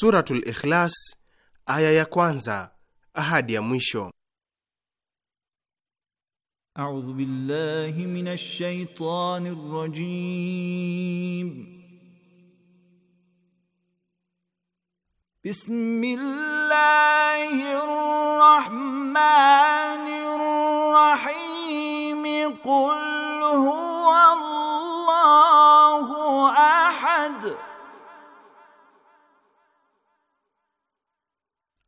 Suratul Ikhlas aya ya kwanza ahadi ya mwisho. A'udhu billahi minash shaitanir rajim. Bismillahir rahmanir rahim. Qul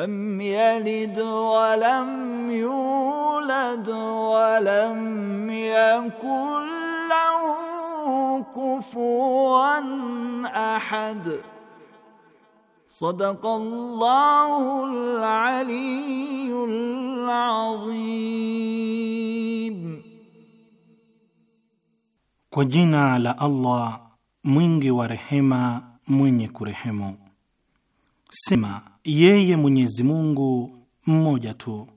لم يلد ولم يولد ولم يكن له كفوا احد صدق الله العلي العظيم وجينا على الله مينغي ورحمه مينيك ورحمه سِمَّا yeye Mwenyezi Mungu mmoja tu.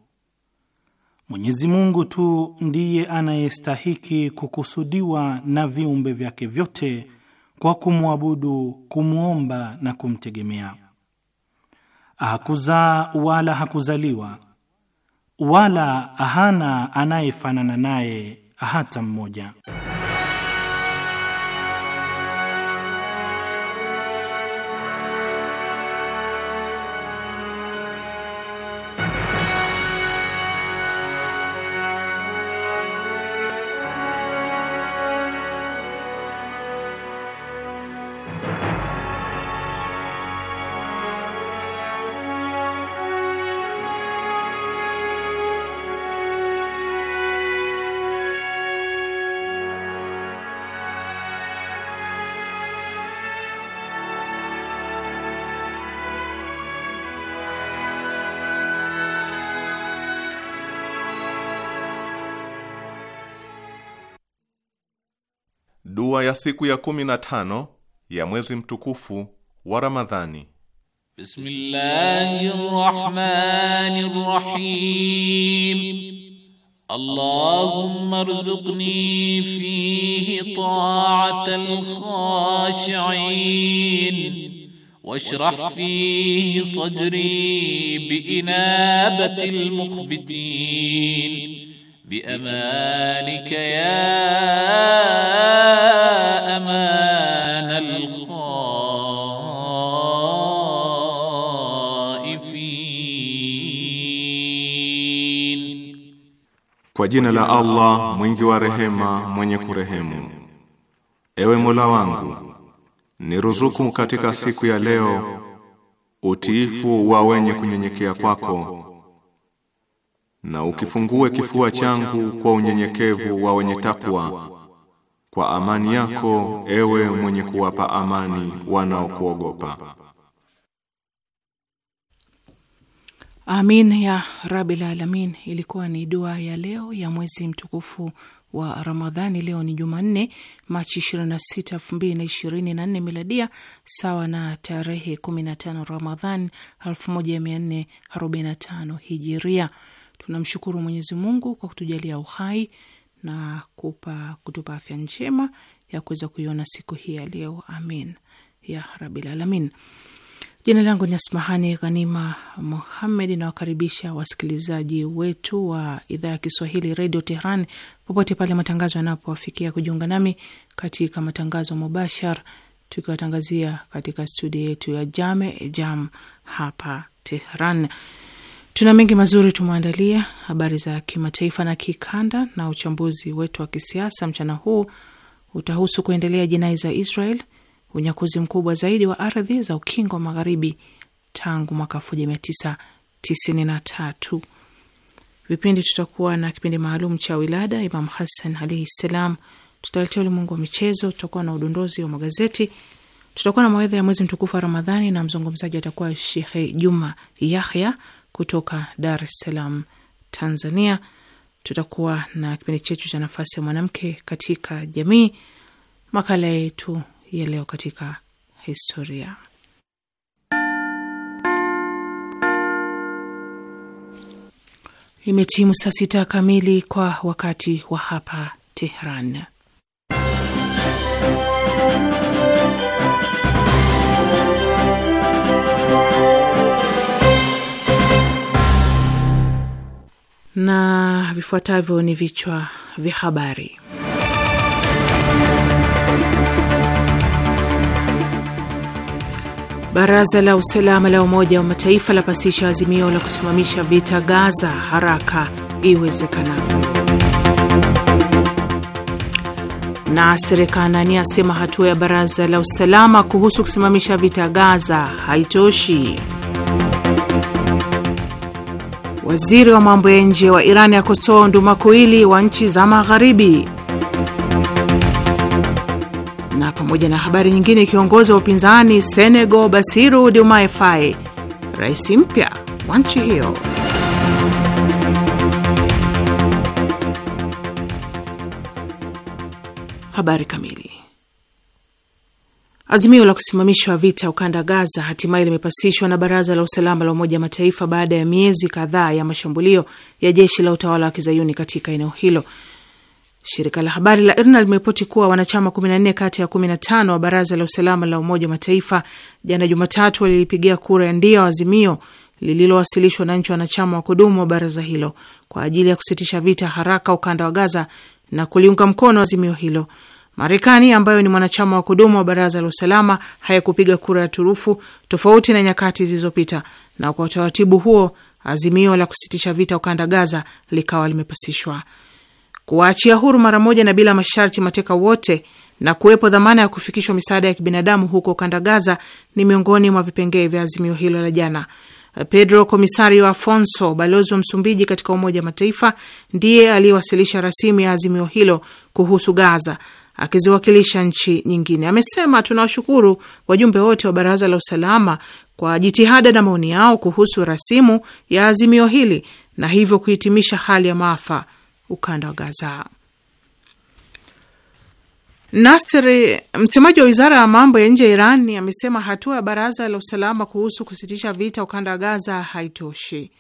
Mwenyezi Mungu tu ndiye anayestahiki kukusudiwa na viumbe vyake vyote kwa kumwabudu, kumwomba na kumtegemea. Hakuzaa wala hakuzaliwa wala hana anayefanana naye hata mmoja. Dua ya siku ya kumi na tano ya mwezi mtukufu wa Ramadhani. Bismillahirrahmanirrahim. Allahumma rzuqni fihi ta'atal khashi'in fihi sadri bi inabati al-mukhbitin. بأمانك يا أمان الخائفين Kwa jina la Allah mwingi wa rehema mwenye kurehemu Ewe Mola wangu niruzuku katika siku ya leo utiifu wa wenye kunyenyekea kwako na ukifungue kifua changu kwa unyenyekevu wa wenye takwa, kwa amani yako, ewe mwenye kuwapa amani wanaokuogopa. Amin ya Rabbil Alamin. Ilikuwa ni dua ya leo ya mwezi mtukufu wa Ramadhani. Leo ni Jumanne, Machi 26, 2024 miladia, sawa na tarehe 15 ramadhani 1445 hijiria. Tunamshukuru Mwenyezi Mungu kwa kutujalia uhai na kupa kutupa afya njema ya kuweza kuiona siku hii ya leo. Amin ya rabil alamin. Jina langu ni Asmahani Ghanima Muhammed, nawakaribisha wasikilizaji wetu wa idhaa ya Kiswahili Redio Tehran popote pale matangazo yanapowafikia kujiunga nami katika matangazo mubashar, tukiwatangazia katika studio yetu ya Jame Jam hapa Tehran. Tuna mengi mazuri tumeandalia, habari za kimataifa na kikanda, na uchambuzi wetu wa kisiasa mchana huu utahusu kuendelea jinai za Israel, unyakuzi mkubwa zaidi wa ardhi za ukingo wa magharibi tangu mwaka 1993. Vipindi tutakuwa na kipindi maalum cha wilada Imam Hassan alaihi ssalam, tutaletea ulimwengu wa michezo, tutakuwa na udondozi wa magazeti, tutakuwa na mawedha ya mwezi mtukufu wa Ramadhani na mzungumzaji atakuwa Shekhe Juma Yahya kutoka Dar es Salaam, Tanzania. Tutakuwa na kipindi chetu cha nafasi ya mwanamke katika jamii, makala yetu ya leo katika historia. Imetimu saa sita kamili kwa wakati wa hapa Tehran. na vifuatavyo ni vichwa vya habari. Baraza la usalama la Umoja wa Mataifa lapasisha azimio la kusimamisha vita Gaza haraka iwezekanavyo, na Serikani asema hatua ya Baraza la Usalama kuhusu kusimamisha vita Gaza haitoshi. Waziri wa mambo ya nje wa Iran akosoa ndumakuili wa nchi za Magharibi. Na pamoja na habari nyingine, kiongozi wa upinzani Senegal Basiru Diomaye Faye rais mpya wa nchi hiyo. Habari kamili Azimio la kusimamishwa vita ukanda Gaza hatimaye limepasishwa na Baraza la Usalama la Umoja Mataifa baada ya miezi kadhaa ya mashambulio ya jeshi la utawala wa kizayuni katika eneo hilo. Shirika la habari la IRNA limeripoti kuwa wanachama 14 kati ya 15 wa Baraza la Usalama la Umoja Mataifa jana Jumatatu walilipigia kura ya ndio azimio lililowasilishwa na nchi wanachama wa kudumu wa baraza hilo kwa ajili ya kusitisha vita haraka ukanda wa Gaza na kuliunga mkono azimio hilo. Marekani ambayo ni mwanachama wa kudumu wa baraza la usalama hayakupiga kura ya turufu tofauti na nyakati zilizopita, na kwa utaratibu huo azimio la kusitisha vita ukanda Gaza likawa limepasishwa. Kuwaachia huru mara moja na bila masharti mateka wote na kuwepo dhamana ya kufikishwa misaada ya kibinadamu huko ukanda Gaza ni miongoni mwa vipengee vya azimio hilo la jana. Pedro Komisario Afonso, balozi wa Msumbiji katika Umoja wa Mataifa, ndiye aliyewasilisha rasimu ya azimio hilo kuhusu Gaza akiziwakilisha nchi nyingine. Amesema tunawashukuru wajumbe wote wa Baraza la Usalama kwa jitihada na maoni yao kuhusu rasimu ya azimio hili na hivyo kuhitimisha hali ya maafa ukanda wa Gaza. Nasri, msemaji wa wizara ya mambo ya nje ya Iran, amesema hatua ya baraza la usalama kuhusu kusitisha vita ukanda wa Gaza haitoshi.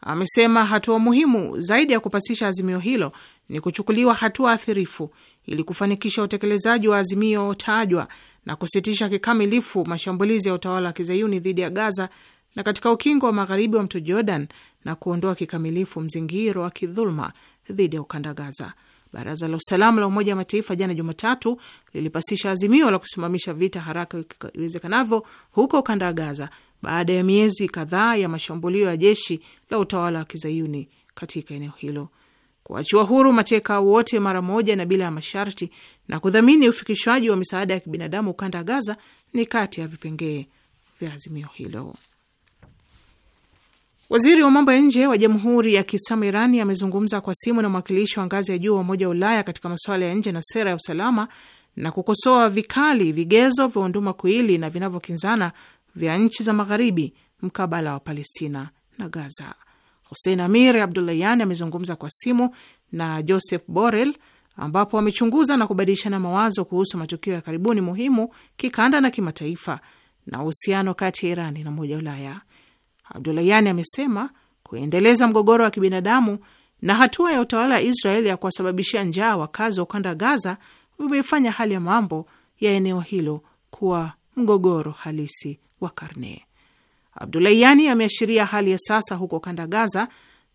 Amesema hatua muhimu zaidi ya kupasisha azimio hilo ni kuchukuliwa hatua athirifu ili kufanikisha utekelezaji wa azimio tajwa na kusitisha kikamilifu mashambulizi ya utawala wa kizayuni dhidi ya Gaza na katika ukingo wa magharibi wa mto Jordan na kuondoa kikamilifu mzingiro wa kidhuluma dhidi ya ukanda Gaza. Baraza la Usalama la Umoja wa Mataifa jana Jumatatu lilipasisha azimio la kusimamisha vita haraka iwezekanavyo huko ukanda wa Gaza baada ya miezi kadhaa ya mashambulio ya jeshi la utawala wa kizayuni katika eneo hilo kuachiwa huru mateka wote mara moja na bila ya masharti na kudhamini ufikishwaji wa misaada ya kibinadamu ukanda Gaza ni kati ya vipengee vya azimio hilo. Waziri wa mambo ya nje wa Jamhuri ya Kiislamu Irani amezungumza kwa simu na mwakilishi wa ngazi ya juu wa Umoja wa Ulaya katika masuala ya nje na sera ya usalama na kukosoa vikali vigezo vya unduma kuili na vinavyokinzana vya nchi za Magharibi mkabala wa Palestina na Gaza. Hussein Amir Abdullayan amezungumza kwa simu na Joseph Borrell ambapo wamechunguza na kubadilishana mawazo kuhusu matukio ya karibuni muhimu kikanda na kimataifa na uhusiano kati ya Irani na Umoja wa Ulaya. Abdulayani amesema kuendeleza mgogoro wa kibinadamu na hatua ya utawala wa Israeli ya kuwasababishia njaa wakazi wa ukanda wa Gaza umeifanya hali ya mambo ya eneo hilo kuwa mgogoro halisi wa karne. Abdulayani ameashiria hali ya sasa huko kanda Gaza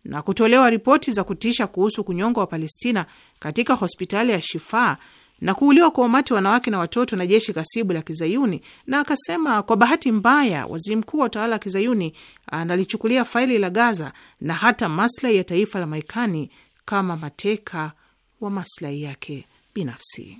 na kutolewa ripoti za kutisha kuhusu kunyongwa wa Palestina katika hospitali ya Shifa na kuuliwa kwa umati wanawake na watoto na jeshi kasibu la Kizayuni, na akasema kwa bahati mbaya waziri mkuu wa utawala wa Kizayuni analichukulia faili la Gaza na hata maslahi ya taifa la Marekani kama mateka wa maslahi yake binafsi.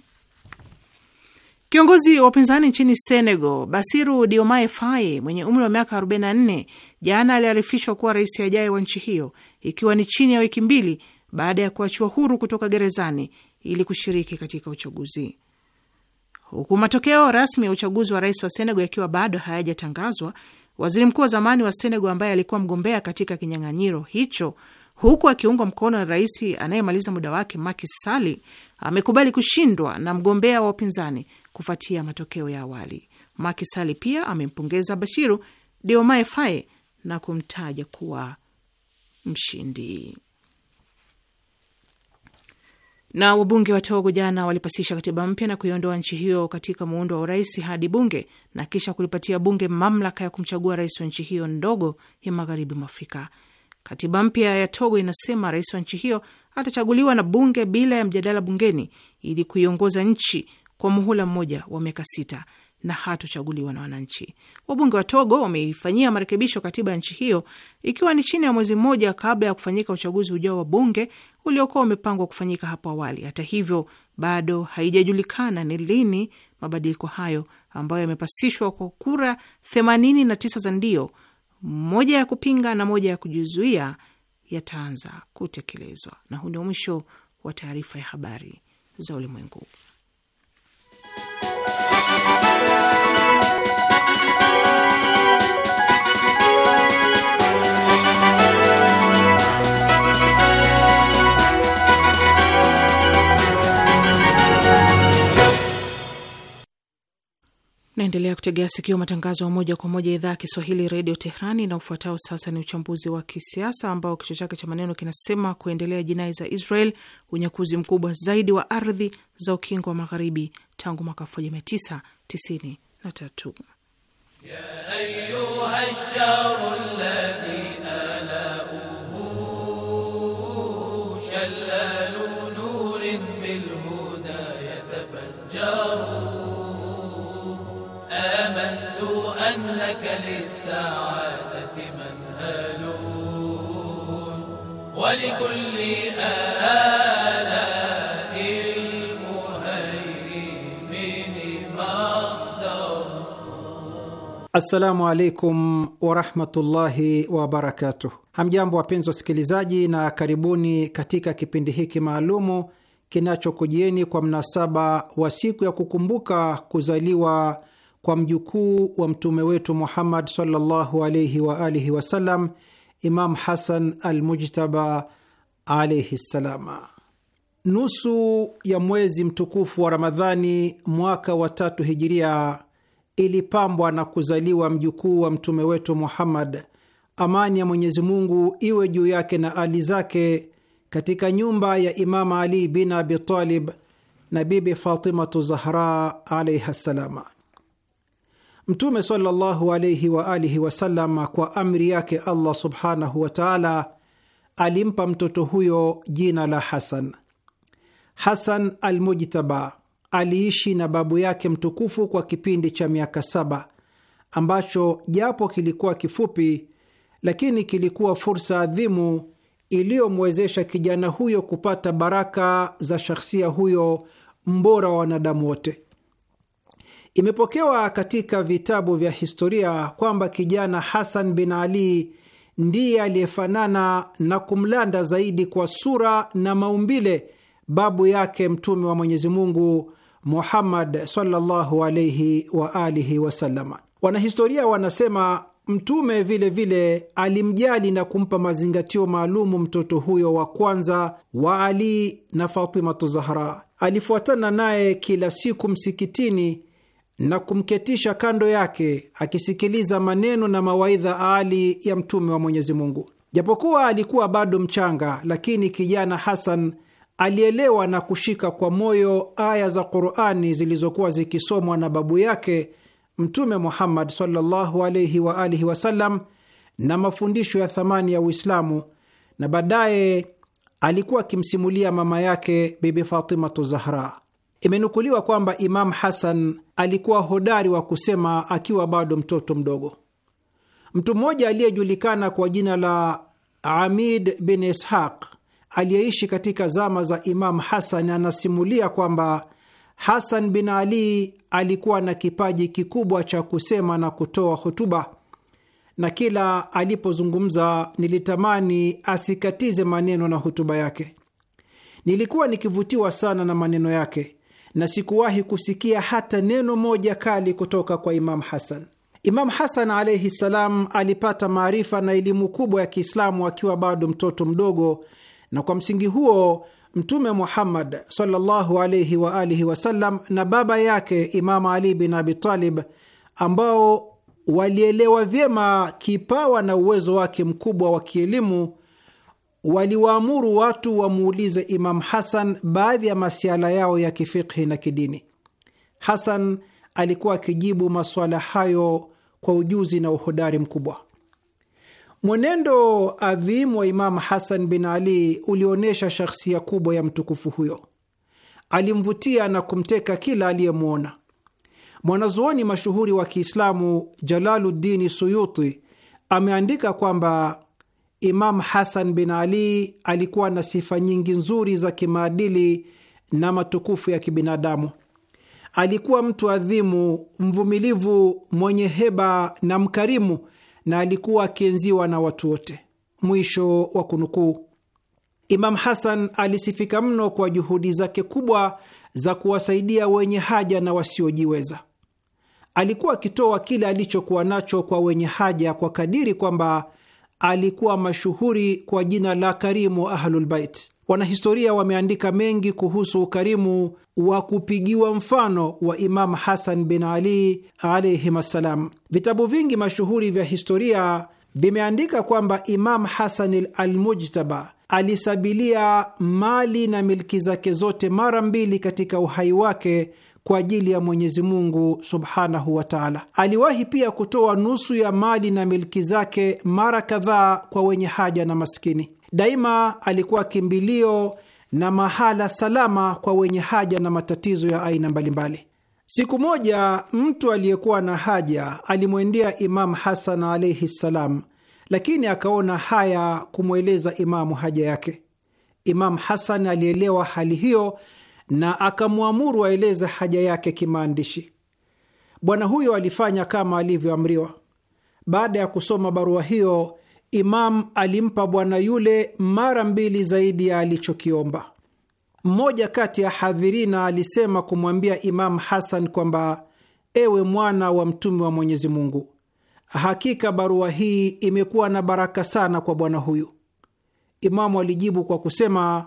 Kiongozi wa upinzani nchini Senegal, Basiru Diomaye Faye, mwenye umri wa miaka 44, jana aliarifishwa kuwa rais ajaye wa nchi hiyo, ikiwa ni chini ya wiki mbili baada ya kuachiwa huru kutoka gerezani ili kushiriki katika uchaguzi, huku matokeo rasmi ya uchaguzi wa rais wa Senegal yakiwa bado hayajatangazwa. Waziri mkuu wa zamani wa Senegal ambaye alikuwa mgombea katika kinyang'anyiro hicho huku akiungwa mkono na rais anayemaliza muda wake Macky Sall amekubali kushindwa na mgombea wa upinzani kufuatia matokeo ya awali. Makisali pia amempongeza Bashiru Diomaye Faye na kumtaja kuwa mshindi. Na wabunge wa Togo jana walipasisha katiba mpya na kuiondoa nchi hiyo katika muundo wa urais hadi bunge na kisha kulipatia bunge mamlaka ya kumchagua rais wa nchi hiyo ndogo ya magharibi mwa Afrika. Katiba mpya ya Togo inasema rais wa nchi hiyo atachaguliwa na bunge bila ya mjadala bungeni ili kuiongoza nchi kwa muhula mmoja wa miaka sita na hatuchaguliwa na wananchi. Wabunge wa Togo wameifanyia marekebisho katiba ya nchi hiyo ikiwa ni chini ya mwezi mmoja kabla ya kufanyika uchaguzi ujao wa bunge uliokuwa umepangwa kufanyika hapo awali. Hata hivyo, bado haijajulikana ni lini mabadiliko hayo ambayo yamepasishwa kwa kura 89 za ndio, moja ya kupinga na moja ya kujizuia, yataanza kutekelezwa. Na huu ndio mwisho wa taarifa ya habari za ulimwengu. Thank you. Naendelea kutegea sikio matangazo ya moja kwa moja idhaa ya Kiswahili redio Tehrani. Na ufuatao sasa ni uchambuzi wa kisiasa ambao kichwa chake cha maneno kinasema kuendelea jinai za Israel, unyakuzi mkubwa zaidi wa ardhi za ukingo wa magharibi tangu mwaka 1993. ظننت أنك للسعادة منهل ولكل آلاء المهيمن مصدر السلام عليكم ورحمة الله وبركاته Hamjambo wapenzi wasikilizaji, na karibuni katika kipindi hiki maalumu kinachokujieni kwa mnasaba wa siku ya kukumbuka kuzaliwa kwa mjukuu wa mtume wetu Muhammad sallallahu alaihi wa alihi wasallam, Imam Hasan Almujtaba alaihi ssalama. Nusu ya mwezi mtukufu wa Ramadhani mwaka wa tatu hijiria ilipambwa na kuzaliwa mjukuu wa mtume wetu Muhammad, amani ya Mwenyezi Mungu iwe juu yake na ali zake, katika nyumba ya Imama Ali bin Abi Talib na Bibi Fatimatu Zahra alaihi ssalama. Mtume sallallahu alaihi wa alihi wasallam, kwa amri yake Allah subhanahu wa taala, alimpa mtoto huyo jina la Hasan. Hasan Almujtaba aliishi na babu yake mtukufu kwa kipindi cha miaka saba ambacho japo kilikuwa kifupi, lakini kilikuwa fursa adhimu iliyomwezesha kijana huyo kupata baraka za shakhsia huyo mbora wa wanadamu wote. Imepokewa katika vitabu vya historia kwamba kijana Hasan bin Ali ndiye aliyefanana na kumlanda zaidi kwa sura na maumbile babu yake Mtume wa Mwenyezi Mungu Muhammad sallallahu alaihi wa alihi Wanahistoria wanasema Mtume vilevile vile alimjali na kumpa mazingatio maalumu mtoto huyo wa kwanza wa Ali na Fatimatu Zahra. Alifuatana naye kila siku msikitini na kumketisha kando yake akisikiliza maneno na mawaidha ali ya mtume wa Mwenyezi Mungu. Japokuwa alikuwa bado mchanga, lakini kijana Hasan alielewa na kushika kwa moyo aya za Qurani zilizokuwa zikisomwa na babu yake Mtume Muhammad sallallahu alaihi wa alihi wasallam na mafundisho ya thamani ya Uislamu, na baadaye alikuwa akimsimulia mama yake Bibi Fatimatu Zahra. Imenukuliwa kwamba Imam Hasan alikuwa hodari wa kusema akiwa bado mtoto mdogo. Mtu mmoja aliyejulikana kwa jina la Amid bin Ishaq aliyeishi katika zama za Imam Hasan anasimulia kwamba Hasan bin Ali alikuwa na kipaji kikubwa cha kusema na kutoa hotuba, na kila alipozungumza nilitamani asikatize maneno na hotuba yake. Nilikuwa nikivutiwa sana na maneno yake na sikuwahi kusikia hata neno moja kali kutoka kwa Imamu Hasan. Imamu Hasan alaihi ssalam alipata maarifa na elimu kubwa ya Kiislamu akiwa bado mtoto mdogo, na kwa msingi huo Mtume Muhammad sallallahu alaihi waalihi wasallam na baba yake Imamu Ali bin Abitalib ambao walielewa vyema kipawa na uwezo wake mkubwa wa kielimu waliwaamuru watu wamuulize Imamu Hasan baadhi ya masiala yao ya kifikhi na kidini. Hasan alikuwa akijibu masuala hayo kwa ujuzi na uhodari mkubwa. Mwenendo adhimu wa Imamu Hasan bin Ali ulionyesha shakhsia kubwa ya mtukufu huyo, alimvutia na kumteka kila aliyemwona. Mwanazuoni mashuhuri wa Kiislamu Jalaluddini Suyuti ameandika kwamba Imam Hasan bin Ali alikuwa na sifa nyingi nzuri za kimaadili na matukufu ya kibinadamu. Alikuwa mtu adhimu, mvumilivu, mwenye heba na mkarimu, na alikuwa akienziwa na watu wote. Mwisho wa kunukuu. Imam Hasan alisifika mno kwa juhudi zake kubwa za kuwasaidia wenye haja na wasiojiweza. Alikuwa akitoa kile alichokuwa nacho kwa wenye haja kwa kadiri kwamba alikuwa mashuhuri kwa jina la Karimu Ahlulbait. Wanahistoria wameandika mengi kuhusu ukarimu wa kupigiwa mfano wa Imamu Hasan bin Ali alaihim assalam. Vitabu vingi mashuhuri vya historia vimeandika kwamba Imamu Hasan Almujtaba alisabilia mali na milki zake zote mara mbili katika uhai wake kwa ajili ya Mwenyezi Mungu subhanahu wa taala. Aliwahi pia kutoa nusu ya mali na milki zake mara kadhaa kwa wenye haja na maskini. Daima alikuwa kimbilio na mahala salama kwa wenye haja na matatizo ya aina mbalimbali. Siku moja mtu aliyekuwa na haja alimwendea Imamu Hasan alaihi ssalam, lakini akaona haya kumweleza Imamu haja yake. Imamu Hasan alielewa hali hiyo na akamwamuru aeleze haja yake kimaandishi. Bwana huyo alifanya kama alivyoamriwa. Baada ya kusoma barua hiyo, Imam alimpa bwana yule mara mbili zaidi ya alichokiomba. Mmoja kati ya hadhirina alisema kumwambia Imam Hasan kwamba ewe mwana wa mtume wa Mwenyezi Mungu, hakika barua hii imekuwa na baraka sana kwa bwana huyu. Imamu alijibu kwa kusema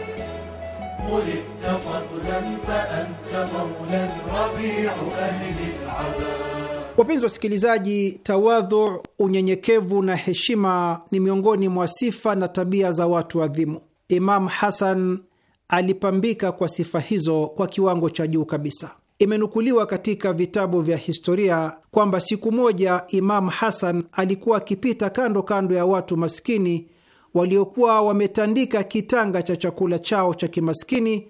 خلقت فضلا فأنت ربيع أهل Wapenzi wasikilizaji, tawadhu, unyenyekevu na heshima ni miongoni mwa sifa na tabia za watu adhimu. Imamu Hasan alipambika kwa sifa hizo kwa kiwango cha juu kabisa. Imenukuliwa katika vitabu vya historia kwamba siku moja Imamu Hasan alikuwa akipita kando kando ya watu maskini waliokuwa wametandika kitanga cha chakula chao cha kimaskini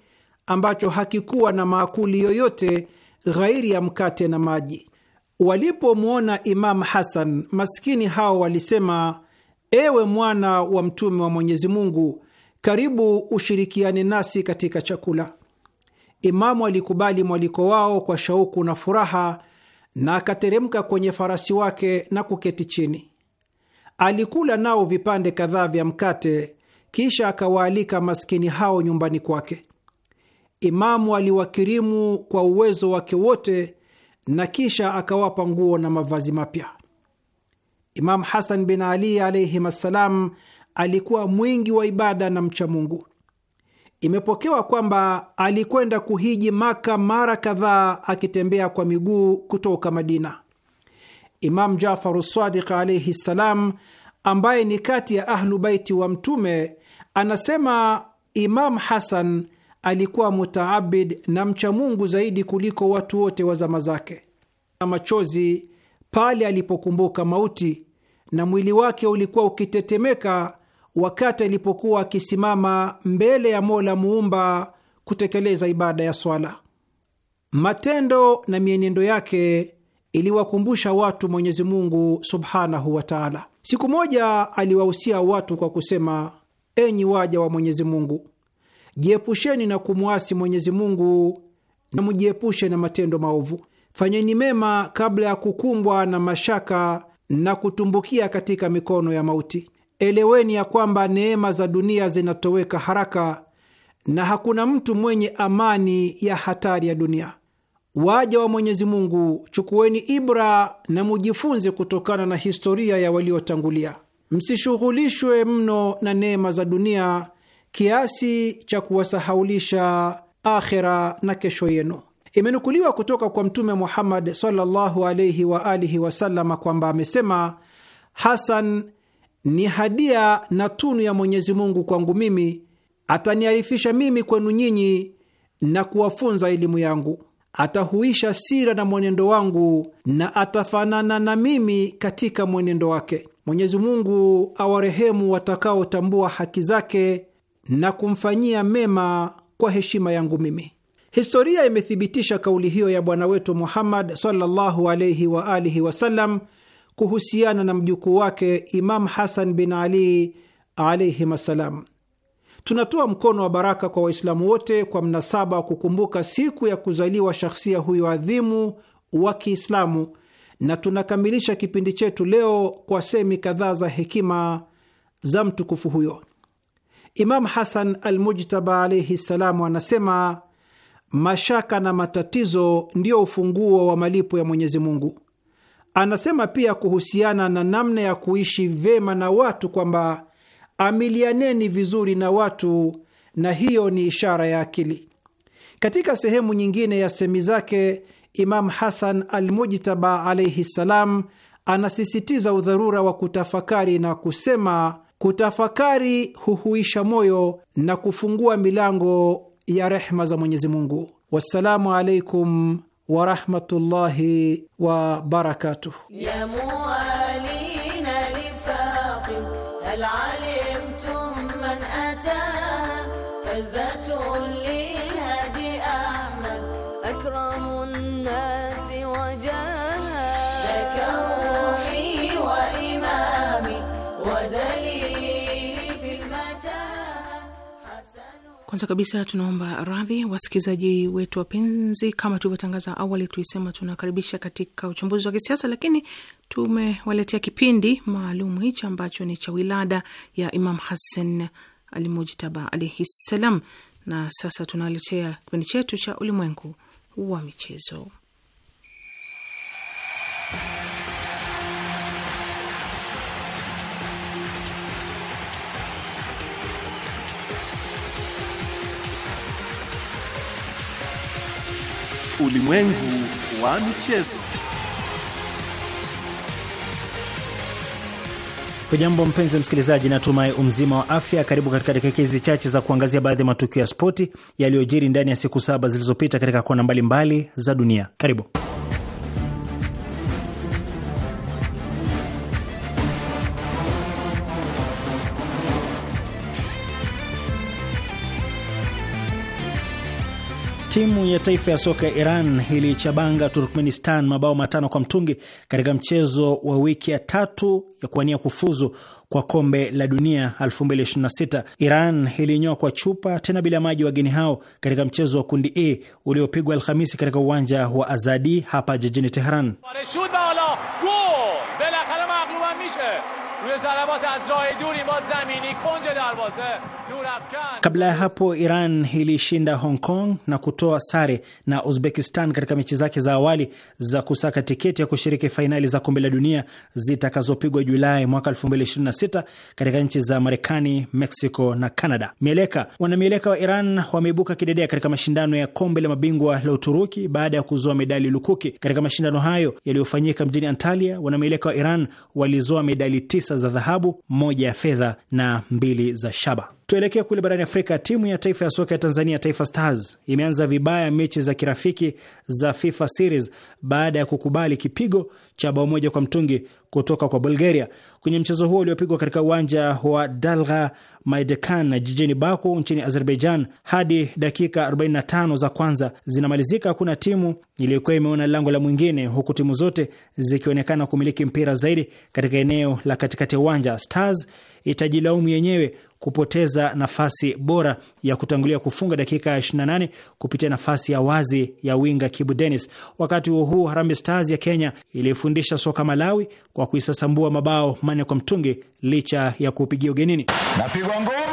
ambacho hakikuwa na maakuli yoyote ghairi ya mkate na maji. Walipomwona Imamu Hasan, maskini hao walisema, ewe mwana wa mtume wa Mwenyezi Mungu, karibu ushirikiane nasi katika chakula. Imamu alikubali mwaliko wao kwa shauku na furaha, na akateremka kwenye farasi wake na kuketi chini. Alikula nao vipande kadhaa vya mkate, kisha akawaalika maskini hao nyumbani kwake. Imamu aliwakirimu kwa uwezo wake wote na kisha akawapa nguo na mavazi mapya. Imamu Hasan bin Ali alayhim assalam alikuwa mwingi wa ibada na mcha Mungu. Imepokewa kwamba alikwenda kuhiji Maka mara kadhaa akitembea kwa miguu kutoka Madina. Imam Jafaru Sadiq alaihi ssalam, ambaye ni kati ya Ahlu Baiti wa Mtume, anasema Imam Hasan alikuwa mutaabid na mcha Mungu zaidi kuliko watu wote wa zama zake, na machozi pale alipokumbuka mauti, na mwili wake ulikuwa ukitetemeka wakati alipokuwa akisimama mbele ya Mola Muumba kutekeleza ibada ya swala. Matendo na mienendo yake iliwakumbusha watu Mwenyezi Mungu subhanahu wa taala. Siku moja aliwahusia watu kwa kusema, enyi waja wa Mwenyezi Mungu, jiepusheni na kumwasi Mwenyezi Mungu na mjiepushe na matendo maovu. Fanyeni mema kabla ya kukumbwa na mashaka na kutumbukia katika mikono ya mauti. Eleweni ya kwamba neema za dunia zinatoweka haraka na hakuna mtu mwenye amani ya hatari ya dunia. Waja wa Mwenyezi Mungu, chukueni ibra na mujifunze kutokana na historia ya waliotangulia. Msishughulishwe mno na neema za dunia kiasi cha kuwasahaulisha akhera na kesho yenu. Imenukuliwa kutoka kwa Mtume Muhammad sallallahu wa alihi wasallama kwamba amesema, Hasan ni hadia na tunu ya Mwenyezi Mungu kwangu mimi, ataniarifisha mimi kwenu nyinyi na kuwafunza elimu yangu atahuisha sira na mwenendo wangu na atafanana na mimi katika mwenendo wake. Mwenyezi Mungu awarehemu watakaotambua haki zake na kumfanyia mema kwa heshima yangu mimi. Historia imethibitisha kauli hiyo ya bwana wetu Muhammad sallallahu wa alihi wasallam kuhusiana na mjukuu wake Imam Hasan bin Ali alayhim assalam. Tunatoa mkono wa baraka kwa Waislamu wote kwa mnasaba wa kukumbuka siku ya kuzaliwa shahsia huyo adhimu wa Kiislamu, na tunakamilisha kipindi chetu leo kwa semi kadhaa za hekima za mtukufu huyo. Imam Hasan Almujtaba alaihi ssalamu anasema, mashaka na matatizo ndiyo ufunguo wa malipo ya Mwenyezi Mungu. Anasema pia kuhusiana na namna ya kuishi vyema na watu kwamba amilianeni vizuri na watu, na hiyo ni ishara ya akili. Katika sehemu nyingine ya semi zake, Imam Hasan Almujtaba alaihi ssalam anasisitiza udharura wa kutafakari na kusema, kutafakari huhuisha moyo na kufungua milango ya rehma za Mwenyezi Mungu. Wassalamu alaikum warahmatullahi wabarakatuh. Kwanza kabisa tunaomba radhi wasikilizaji wetu wapenzi. Kama tulivyotangaza awali, tulisema tunakaribisha katika uchambuzi wa kisiasa, lakini tumewaletea kipindi maalum hichi ambacho ni cha wilada ya Imam Hasan Almujtaba alaihi ssalam. Na sasa tunawaletea kipindi chetu cha ulimwengu wa michezo. Ulimwengu wa michezo. Hujambo mpenzi msikilizaji, natumai umzima wa afya. Karibu katika dakika hizi chache za kuangazia baadhi ya matukio ya spoti yaliyojiri ndani ya siku saba zilizopita katika kona mbalimbali za dunia. Karibu. Timu ya taifa ya soka ya Iran ilichabanga Turkmenistan mabao matano kwa mtungi katika mchezo wa wiki ya tatu ya kuwania kufuzu kwa kombe la dunia 2026. Iran ilinyoa kwa chupa tena bila maji wageni hao katika mchezo wa kundi A e uliopigwa Alhamisi katika uwanja wa Azadi hapa jijini teheran Kabla ya hapo Iran ilishinda Hong Kong na kutoa sare na Uzbekistan katika mechi zake za awali za kusaka tiketi ya kushiriki fainali za kombe la dunia zitakazopigwa Julai mwaka 2026 katika nchi za Marekani, Mexico na Canada. Mieleka wanamieleka wa Iran wameibuka kidedea katika mashindano ya kombe la mabingwa la Uturuki baada ya kuzoa medali lukuki. Katika mashindano hayo yaliyofanyika mjini Antalya, wanamieleka wa Iran walizoa medali 9 za dhahabu, moja ya fedha na mbili za shaba. Tuelekee kule barani Afrika. Timu ya taifa ya soka ya Tanzania, Taifa Stars, imeanza vibaya mechi za kirafiki za FIFA Series baada ya kukubali kipigo cha bao moja kwa mtungi kutoka kwa Bulgaria kwenye mchezo huo uliopigwa katika uwanja wa Dalga Maidekan jijini Baku nchini Azerbaijan. Hadi dakika 45 za kwanza zinamalizika, hakuna timu iliyokuwa imeona lango la mwingine, huku timu zote zikionekana kumiliki mpira zaidi katika eneo la katikati ya uwanja. Stars itajilaumu yenyewe kupoteza nafasi bora ya kutangulia kufunga dakika ya 28 kupitia nafasi ya wazi ya winga Kibu Dennis. Wakati huo huo, Harambee Stars ya Kenya ilifundisha soka Malawi kwa kuisasambua mabao manne kwa mtungi licha ya kuupigia ugenini. Napigwa ngoma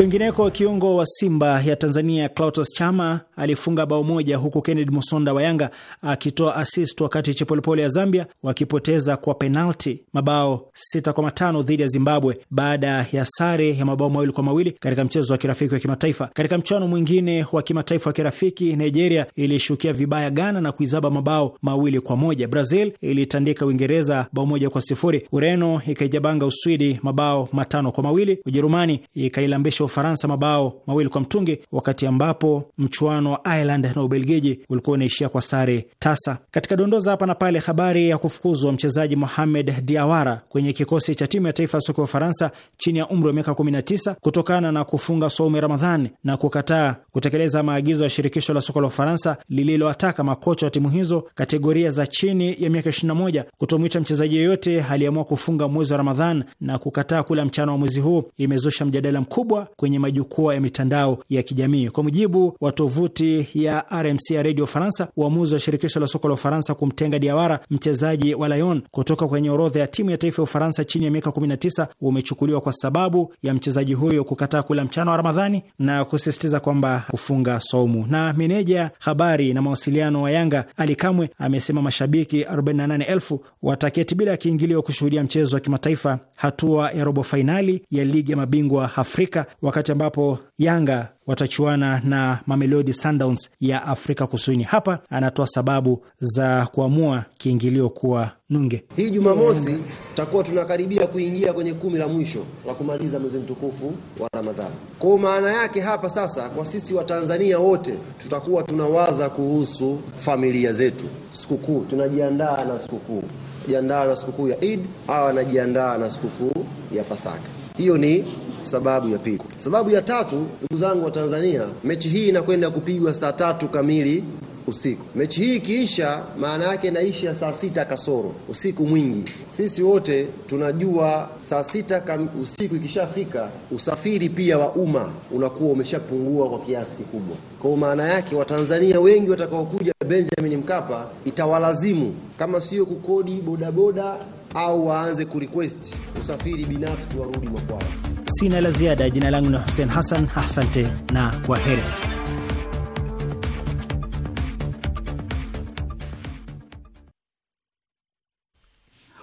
Kwingineko, kiungo wa Simba ya Tanzania Clatous Chama alifunga bao moja huku Kennedy Musonda wa Yanga akitoa assist, wakati Chipolopolo ya Zambia wakipoteza kwa penalti mabao sita kwa matano dhidi ya Zimbabwe baada ya sare ya mabao mawili kwa mawili katika mchezo wa kirafiki wa kimataifa. Katika mchuano mwingine wa kimataifa wa kirafiki, Nigeria ilishukia vibaya Ghana na kuizaba mabao mawili kwa moja. Brazil ilitandika Uingereza bao moja kwa sifuri. Ureno ikaijabanga Uswidi mabao matano kwa mawili. Ujerumani ikailambisha Ufaransa mabao mawili kwa mtungi, wakati ambapo mchuano wa Ireland na Ubelgiji ulikuwa unaishia kwa sare tasa. Katika dondoza hapa na pale, habari ya kufukuzwa mchezaji Mohamed Diawara kwenye kikosi cha timu ya taifa ya soka ya Ufaransa chini ya umri wa miaka 19 kutokana na kufunga saumu Ramadhani na kukataa kutekeleza maagizo ya shirikisho la soka la Ufaransa lililowataka makocha wa timu hizo kategoria za chini ya miaka 21 kutomwita mchezaji yeyote aliyeamua kufunga mwezi wa Ramadhan na kukataa kula mchana wa mwezi huu, imezusha mjadala mkubwa kwenye majukwaa ya mitandao ya kijamii. Kwa mujibu wa tovuti ya RMC ya redio Faransa, uamuzi wa shirikisho la soka la Ufaransa kumtenga Diawara, mchezaji wa Lyon, kutoka kwenye orodha ya timu ya taifa ya Ufaransa chini ya miaka 19 umechukuliwa kwa sababu ya mchezaji huyo kukataa kula mchana wa Ramadhani na kusisitiza kwamba kufunga saumu. Na meneja habari na mawasiliano wa Yanga Ali Kamwe amesema mashabiki 48,000 wataketi bila ya kiingilio kushuhudia mchezo wa kimataifa hatua ya robo fainali ya ligi ya mabingwa Afrika wakati ambapo Yanga watachuana na Mamelodi Sundowns ya Afrika Kusini. Hapa anatoa sababu za kuamua kiingilio kuwa nunge. Hii Jumamosi tutakuwa tunakaribia kuingia kwenye kumi la mwisho la kumaliza mwezi mtukufu wa Ramadhani. Kwa maana yake hapa sasa, kwa sisi Watanzania wote tutakuwa tunawaza kuhusu familia zetu, sikukuu, tunajiandaa na sikukuu, jiandaa na sikukuu ya Eid au anajiandaa na sikukuu ya Pasaka. Hiyo ni sababu ya pili. Sababu ya tatu, ndugu zangu wa Tanzania, mechi hii inakwenda kupigwa saa tatu kamili usiku. Mechi hii ikiisha, maana yake inaisha saa sita kasoro, usiku mwingi. Sisi wote tunajua saa sita kam, usiku ikishafika, usafiri pia wa umma unakuwa umeshapungua kwa kiasi kikubwa. Kwa maana yake Watanzania wengi watakaokuja Benjamin Mkapa itawalazimu kama sio kukodi bodaboda au waanze kurequest usafiri binafsi warudi makwao. Sina la ziada. Jina langu ni Hussein Hassan, asante na kwa heri.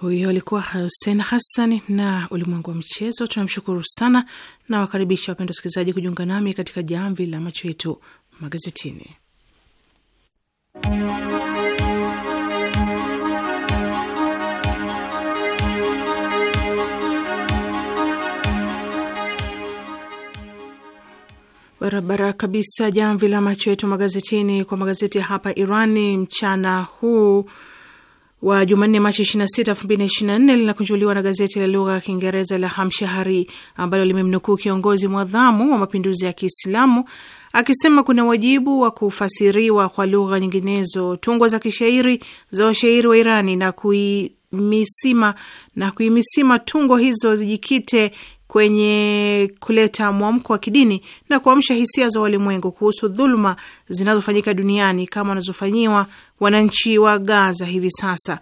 Huyo alikuwa Hussein Hassan na ulimwengu wa michezo. Tunamshukuru sana na wakaribisha wapendwa wasikilizaji kujiunga nami katika jamvi la macho yetu magazetini. Barabara kabisa. Jamvi la macho yetu magazetini kwa magazeti ya hapa Irani mchana huu wa Jumanne, Machi 26, 2024 linakunjuliwa na gazeti la lugha ya Kiingereza la Hamshahari ambalo limemnukuu kiongozi mwadhamu wa mapinduzi ya Kiislamu akisema kuna wajibu wa kufasiriwa kwa lugha nyinginezo tungwa za kishairi za washairi wa Irani na kuimisima na kuimisima tungo hizo zijikite kwenye kuleta mwamko wa kidini na kuamsha hisia za walimwengu kuhusu dhuluma zinazofanyika duniani kama wanazofanyiwa wananchi wa Gaza hivi sasa.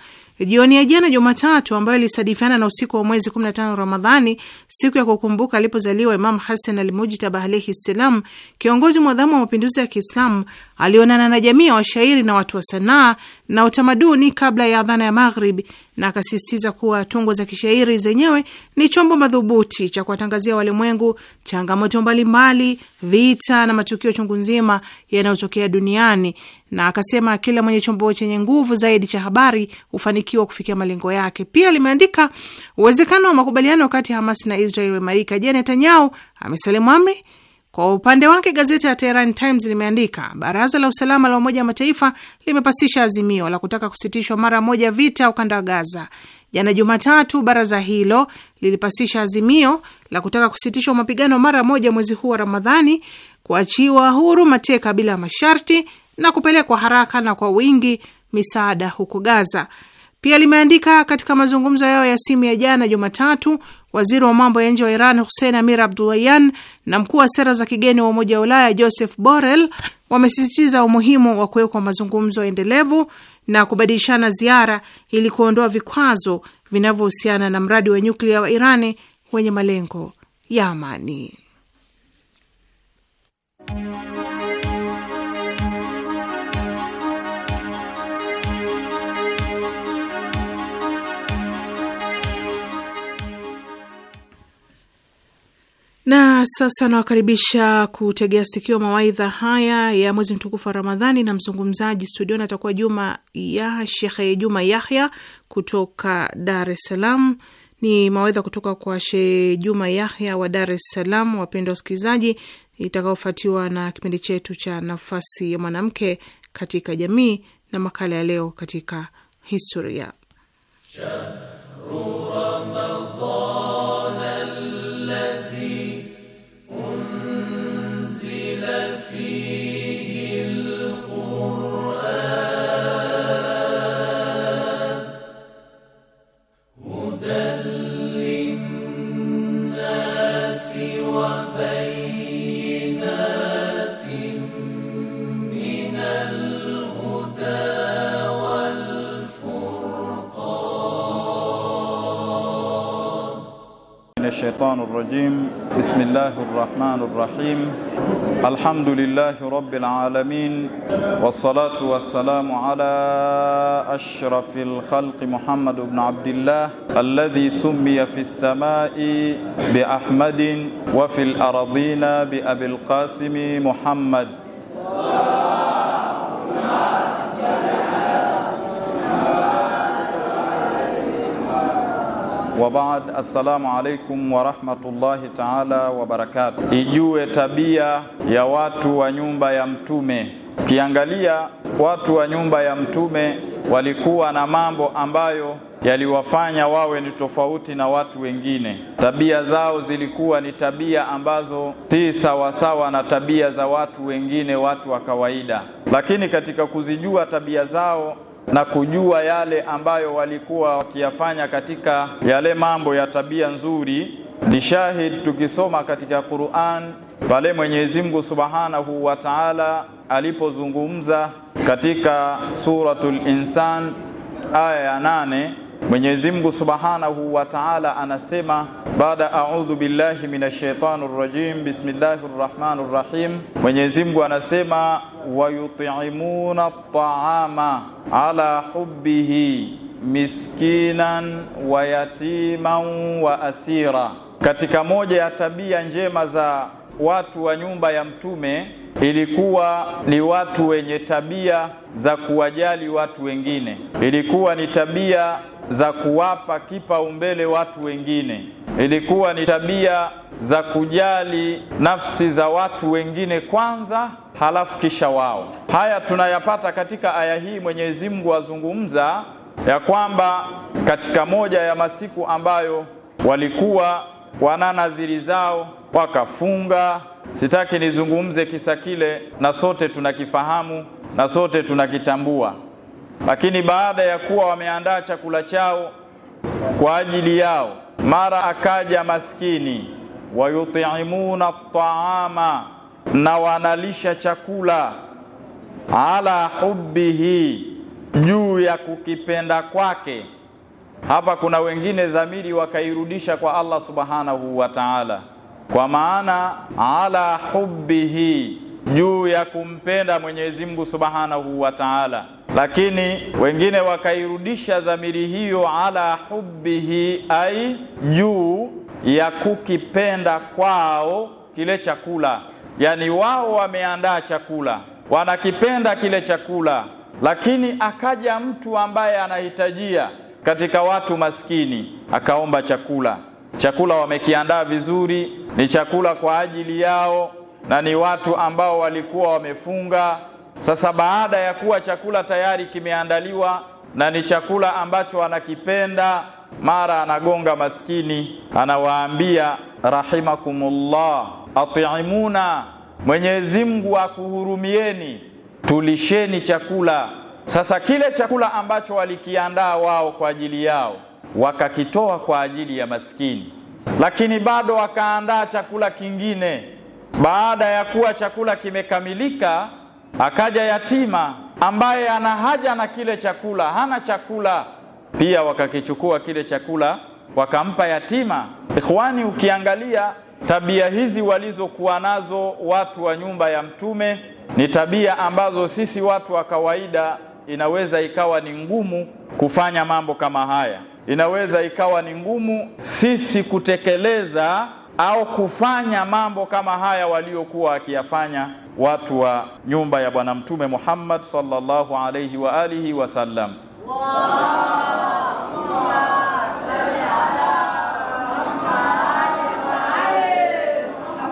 Jioni ya jana Jumatatu, ambayo ilisadifiana na usiku wa mwezi 15 Ramadhani, siku ya kukumbuka alipozaliwa Imam Hasan al Mujtaba alaihi ssalam, kiongozi mwadhamu wa mapinduzi ya Kiislamu, Alionana na jamii ya washairi na watu wa sanaa na utamaduni kabla ya adhana ya maghrib na akasisitiza kuwa tungo za kishairi zenyewe ni chombo madhubuti cha kuwatangazia walimwengu changamoto mbalimbali, vita na matukio chungu nzima yanayotokea duniani, na akasema kila mwenye chombo chenye nguvu zaidi cha habari hufanikiwa kufikia malengo yake. Pia limeandika uwezekano wa makubaliano kati ya Hamas na Israel waimarika. Je, Netanyahu amesalimu amri? Kwa upande wake gazeti la Tehran Times limeandika baraza la usalama la Umoja wa Mataifa limepasisha azimio la kutaka kusitishwa mara moja vita ukanda wa Gaza. Jana Jumatatu, baraza hilo lilipasisha azimio la kutaka kusitishwa mapigano mara moja mwezi huu wa Ramadhani, kuachiwa huru mateka bila masharti na kupelekwa haraka na kwa wingi misaada huko Gaza. Pia limeandika katika mazungumzo yao ya simu ya jana Jumatatu, waziri wa mambo ya nje wa Iran Hussein Amir abdulayan na mkuu wa sera za kigeni wa Umoja wa Ulaya Joseph Borrell wamesisitiza umuhimu wa kuwekwa mazungumzo endelevu na kubadilishana ziara ili kuondoa vikwazo vinavyohusiana na mradi wa nyuklia wa Irani wenye malengo ya amani. Na sasa nawakaribisha kutegea sikio mawaidha haya ya mwezi mtukufu wa Ramadhani, na mzungumzaji studioni atakuwa Juma ya Shekhe Juma Yahya kutoka Dar es Salaam. Ni mawaidha kutoka kwa Shehe Juma Yahya wa Dar es Salaam, wapenda wasikilizaji, itakaofuatiwa na kipindi chetu cha nafasi ya mwanamke katika jamii na makala ya leo katika historia Shahru الشيطان الرجيم بسم الله الرحمن الرحيم الحمد لله رب العالمين والصلاة والسلام على أشرف الخلق محمد بن عبد الله الذي سمي في السماء بأحمد وفي الأرضين بأبي القاسم محمد baad, assalamu alaikum warahmatullahi taala wabarakatuh Ijue tabia ya watu wa nyumba ya Mtume. Ukiangalia watu wa nyumba ya Mtume walikuwa na mambo ambayo yaliwafanya wawe ni tofauti na watu wengine. Tabia zao zilikuwa ni tabia ambazo si sawasawa na tabia za watu wengine, watu wa kawaida. Lakini katika kuzijua tabia zao na kujua yale ambayo walikuwa wakiyafanya katika yale mambo ya tabia nzuri. Ni shahid tukisoma katika Qur'an pale Mwenyezi Mungu Subhanahu wa Ta'ala alipozungumza katika suratul Insan aya ya nane Mwenyezi Mungu Subhanahu wa Ta'ala anasema baada a'udhu billahi minash shaitani rrajim bismillahir rahmanir rahim. Mwenyezi Mungu anasema wayut'imuna at'ama ala hubbihi miskinan wa yatiman wa asira. Katika moja ya tabia njema za watu wa nyumba ya Mtume ilikuwa ni watu wenye tabia za kuwajali watu wengine, ilikuwa ni tabia za kuwapa kipaumbele watu wengine, ilikuwa ni tabia za kujali nafsi za watu wengine kwanza, halafu kisha wao. Haya tunayapata katika aya hii. Mwenyezi Mungu azungumza ya kwamba katika moja ya masiku ambayo walikuwa wana nadhiri zao wakafunga. Sitaki nizungumze kisa kile, na sote tunakifahamu na sote tunakitambua. Lakini baada ya kuwa wameandaa chakula chao kwa ajili yao, mara akaja maskini, wayutimuna taama, na wanalisha chakula ala hubbihi, juu ya kukipenda kwake. Hapa kuna wengine dhamiri wakairudisha kwa Allah subhanahu wa ta'ala, kwa maana ala hubbihi, juu ya kumpenda Mwenyezi Mungu subhanahu wa ta'ala lakini wengine wakairudisha dhamiri hiyo ala hubbihi, ai juu ya kukipenda kwao kile chakula. Yani wao wameandaa chakula, wanakipenda kile chakula, lakini akaja mtu ambaye anahitajia katika watu maskini, akaomba chakula. Chakula wamekiandaa vizuri, ni chakula kwa ajili yao, na ni watu ambao walikuwa wamefunga sasa baada ya kuwa chakula tayari kimeandaliwa na ni chakula ambacho anakipenda, mara anagonga maskini, anawaambia rahimakumullah, atimuna, Mwenyezi Mungu akuhurumieni, tulisheni chakula. Sasa kile chakula ambacho walikiandaa wao kwa ajili yao wakakitoa kwa ajili ya maskini, lakini bado wakaandaa chakula kingine. Baada ya kuwa chakula kimekamilika akaja yatima ambaye ana haja na kile chakula, hana chakula, pia wakakichukua kile chakula wakampa yatima. Ikhwani, ukiangalia tabia hizi walizokuwa nazo watu wa nyumba ya Mtume ni tabia ambazo sisi watu wa kawaida inaweza ikawa ni ngumu kufanya mambo kama haya, inaweza ikawa ni ngumu sisi kutekeleza au kufanya mambo kama haya waliokuwa wakiyafanya watu wa nyumba ya Bwana Mtume Muhammad sallallahu alayhi wa alihi sallam.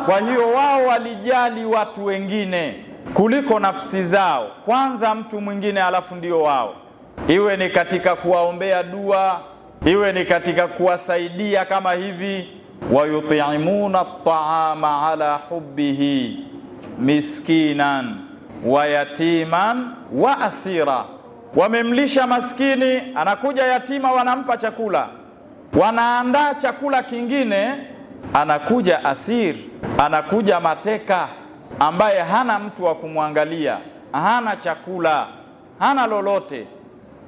Kwa hiyo wao walijali watu wengine kuliko nafsi zao, kwanza mtu mwingine, alafu ndio wao, iwe ni katika kuwaombea dua, iwe ni katika kuwasaidia kama hivi, wayutimuna taama ala hubbihi miskinan wa yatiman wa asira, wamemlisha maskini, anakuja yatima, wanampa chakula, wanaandaa chakula kingine, anakuja asir, anakuja mateka ambaye hana mtu wa kumwangalia, hana chakula, hana lolote,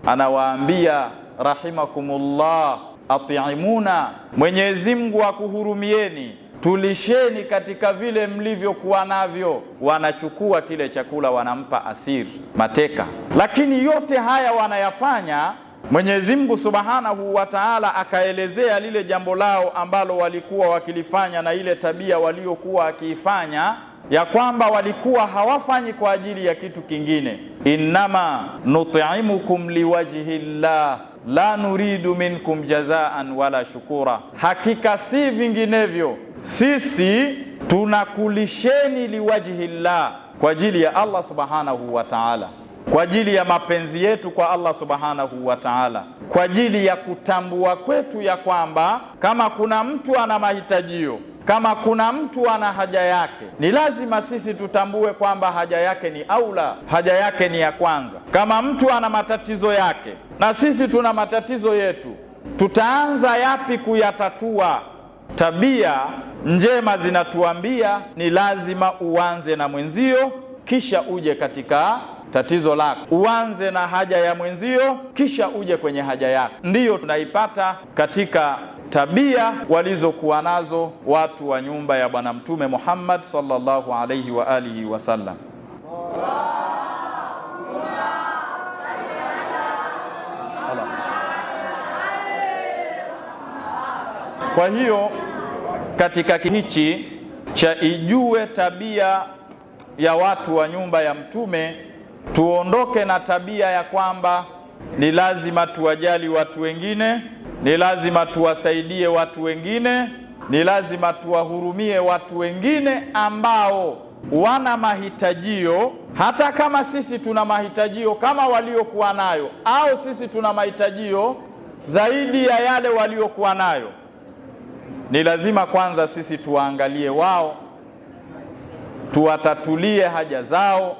anawaambia rahimakumullah atiimuna, Mwenyezi Mungu akuhurumieni tulisheni katika vile mlivyokuwa navyo. Wanachukua kile chakula wanampa asiri, mateka. Lakini yote haya wanayafanya, Mwenyezi Mungu Subhanahu wa Ta'ala akaelezea lile jambo lao ambalo walikuwa wakilifanya na ile tabia waliokuwa wakiifanya ya kwamba walikuwa hawafanyi kwa ajili ya kitu kingine, innama nutimukum liwajhi llah la nuridu minkum jazaan wala shukura, hakika si vinginevyo sisi tunakulisheni liwajhi llah, kwa ajili ya Allah subhanahu wa taala, kwa ajili ya mapenzi yetu kwa Allah subhanahu wa taala, kwa ajili ya kutambua kwetu ya kwamba kama kuna mtu ana mahitajio kama kuna mtu ana haja yake, ni lazima sisi tutambue kwamba haja yake ni aula, haja yake ni ya kwanza. Kama mtu ana matatizo yake na sisi tuna matatizo yetu, tutaanza yapi kuyatatua? Tabia njema zinatuambia ni lazima uanze na mwenzio, kisha uje katika tatizo lako. Uanze na haja ya mwenzio, kisha uje kwenye haja yako. Ndiyo tunaipata katika tabia walizokuwa nazo watu wa nyumba ya Bwana Mtume Muhammad sallallahu alaihi wa alihi wasallam. Kwa hiyo katika hichi cha ijue tabia ya watu wa nyumba ya Mtume, tuondoke na tabia ya kwamba ni lazima tuwajali watu wengine, ni lazima tuwasaidie watu wengine, ni lazima tuwahurumie watu wengine ambao wana mahitajio, hata kama sisi tuna mahitajio kama waliokuwa nayo, au sisi tuna mahitajio zaidi ya yale waliokuwa nayo ni lazima kwanza sisi tuwaangalie wao, tuwatatulie haja zao,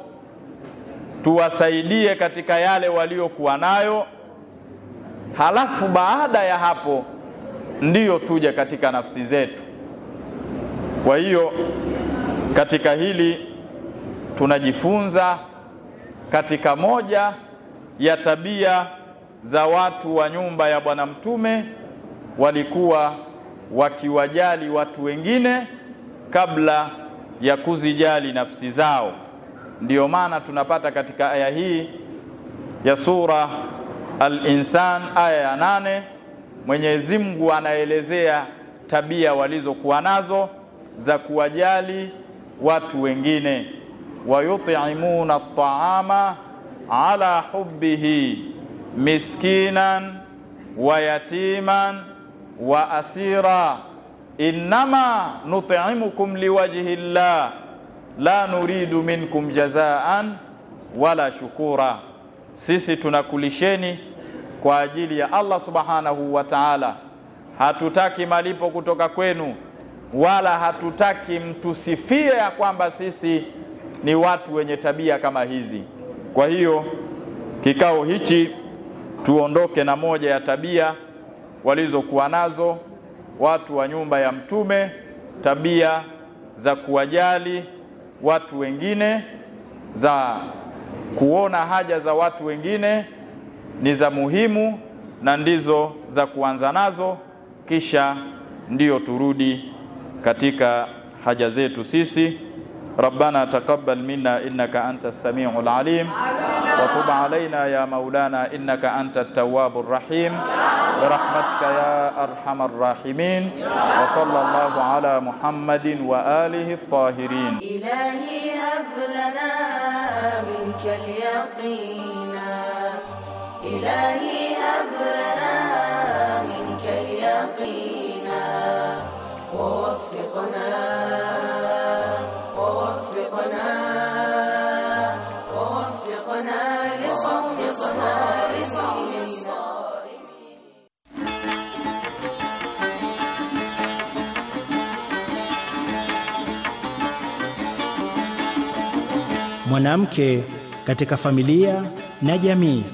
tuwasaidie katika yale waliokuwa nayo, halafu baada ya hapo ndiyo tuje katika nafsi zetu. Kwa hiyo katika hili tunajifunza katika moja ya tabia za watu wa nyumba ya Bwana Mtume walikuwa wakiwajali watu wengine kabla ya kuzijali nafsi zao. Ndiyo maana tunapata katika aya hii ya sura Al-Insan aya ya nane, Mwenyezi Mungu anaelezea tabia walizokuwa nazo za kuwajali watu wengine. wayutimuna taama ala hubbihi miskinan wa yatiman wa asira innama nut'imukum liwajhi llah la nuridu minkum jazaan wala shukura sisi tunakulisheni kwa ajili ya Allah subhanahu wa ta'ala hatutaki malipo kutoka kwenu wala hatutaki mtusifie ya kwamba sisi ni watu wenye tabia kama hizi kwa hiyo kikao hichi tuondoke na moja ya tabia walizokuwa nazo watu wa nyumba ya Mtume, tabia za kuwajali watu wengine, za kuona haja za watu wengine ni za muhimu na ndizo za kuanza nazo, kisha ndiyo turudi katika haja zetu sisi. Rabbana taqabbal minna innaka anta samiul alim wa tub alaina ya maulana innaka anta tawwabur rahim. برحمتك يا أرحم الراحمين وصلى الله على محمد وآله الطاهرين إلهي هب لنا منك اليقين إلهي هب لنا منك اليقين ووفق mwanamke katika familia na jamii.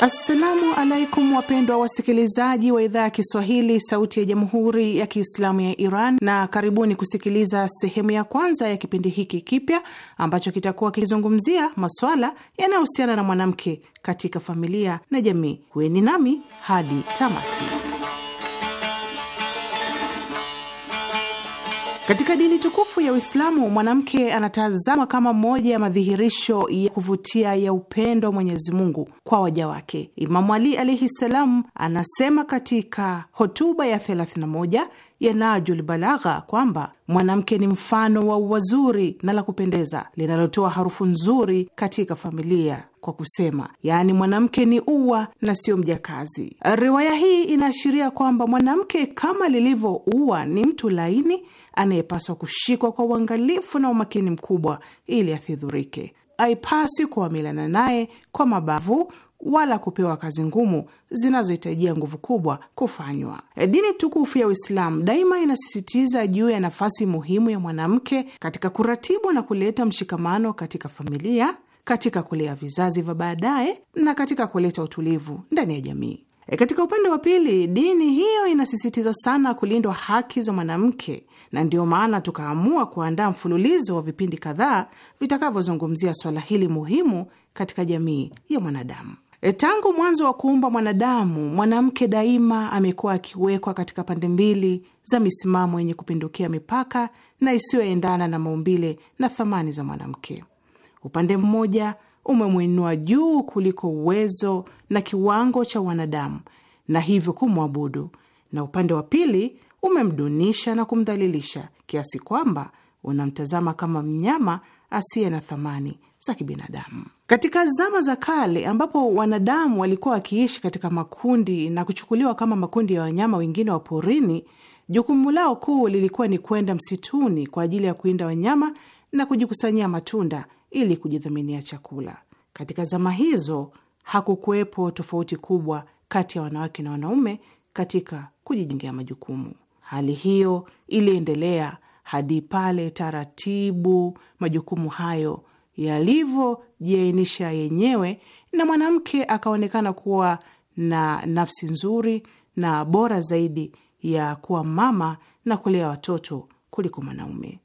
Assalamu alaikum wapendwa wasikilizaji wa idhaa ya Kiswahili sauti ya jamhuri ya Kiislamu ya Iran, na karibuni kusikiliza sehemu ya kwanza ya kipindi hiki kipya ambacho kitakuwa kikizungumzia maswala yanayohusiana na mwanamke katika familia na jamii. Kuweni nami hadi tamati. Katika dini tukufu ya Uislamu, mwanamke anatazamwa kama moja ya madhihirisho ya kuvutia ya upendo wa Mwenyezi Mungu kwa waja wake. Imamu Ali alaihi ssalam anasema katika hotuba ya 31 ya Najul Balagha kwamba mwanamke ni mfano wa uwazuri na la kupendeza linalotoa harufu nzuri katika familia kwa kusema, yaani mwanamke ni ua na sio mjakazi. Riwaya hii inaashiria kwamba mwanamke kama lilivyo ua ni mtu laini anayepaswa kushikwa kwa uangalifu na umakini mkubwa ili asidhurike. Haipasi kuamilana naye kwa mabavu wala kupewa kazi ngumu zinazohitajia nguvu kubwa kufanywa. Dini tukufu ya Uislamu daima inasisitiza juu ya nafasi muhimu ya mwanamke katika kuratibu na kuleta mshikamano katika familia, katika kulea vizazi vya baadaye na katika kuleta utulivu ndani ya jamii. E, katika upande wa pili, dini hiyo inasisitiza sana kulindwa haki za mwanamke, na ndiyo maana tukaamua kuandaa mfululizo wa vipindi kadhaa vitakavyozungumzia swala hili muhimu katika jamii ya mwanadamu. E, tangu mwanzo wa kuumba mwanadamu, mwanamke daima amekuwa akiwekwa katika pande mbili za misimamo yenye kupindukia mipaka na isiyoendana na maumbile na thamani za mwanamke upande mmoja umemwinua juu kuliko uwezo na kiwango cha wanadamu na hivyo kumwabudu, na upande wa pili umemdunisha na kumdhalilisha kiasi kwamba unamtazama kama mnyama asiye na thamani za kibinadamu. Katika zama za kale ambapo wanadamu walikuwa wakiishi katika makundi na kuchukuliwa kama makundi ya wanyama wengine wa porini, jukumu lao kuu lilikuwa ni kwenda msituni kwa ajili ya kuinda wanyama na kujikusanyia matunda ili kujidhaminia chakula. Katika zama hizo hakukuwepo tofauti kubwa kati ya wanawake na wanaume katika kujijengea majukumu. Hali hiyo iliendelea hadi pale taratibu majukumu hayo yalivyojiainisha yenyewe na mwanamke akaonekana kuwa na nafsi nzuri na bora zaidi ya kuwa mama na kulea watoto kuliko mwanaume.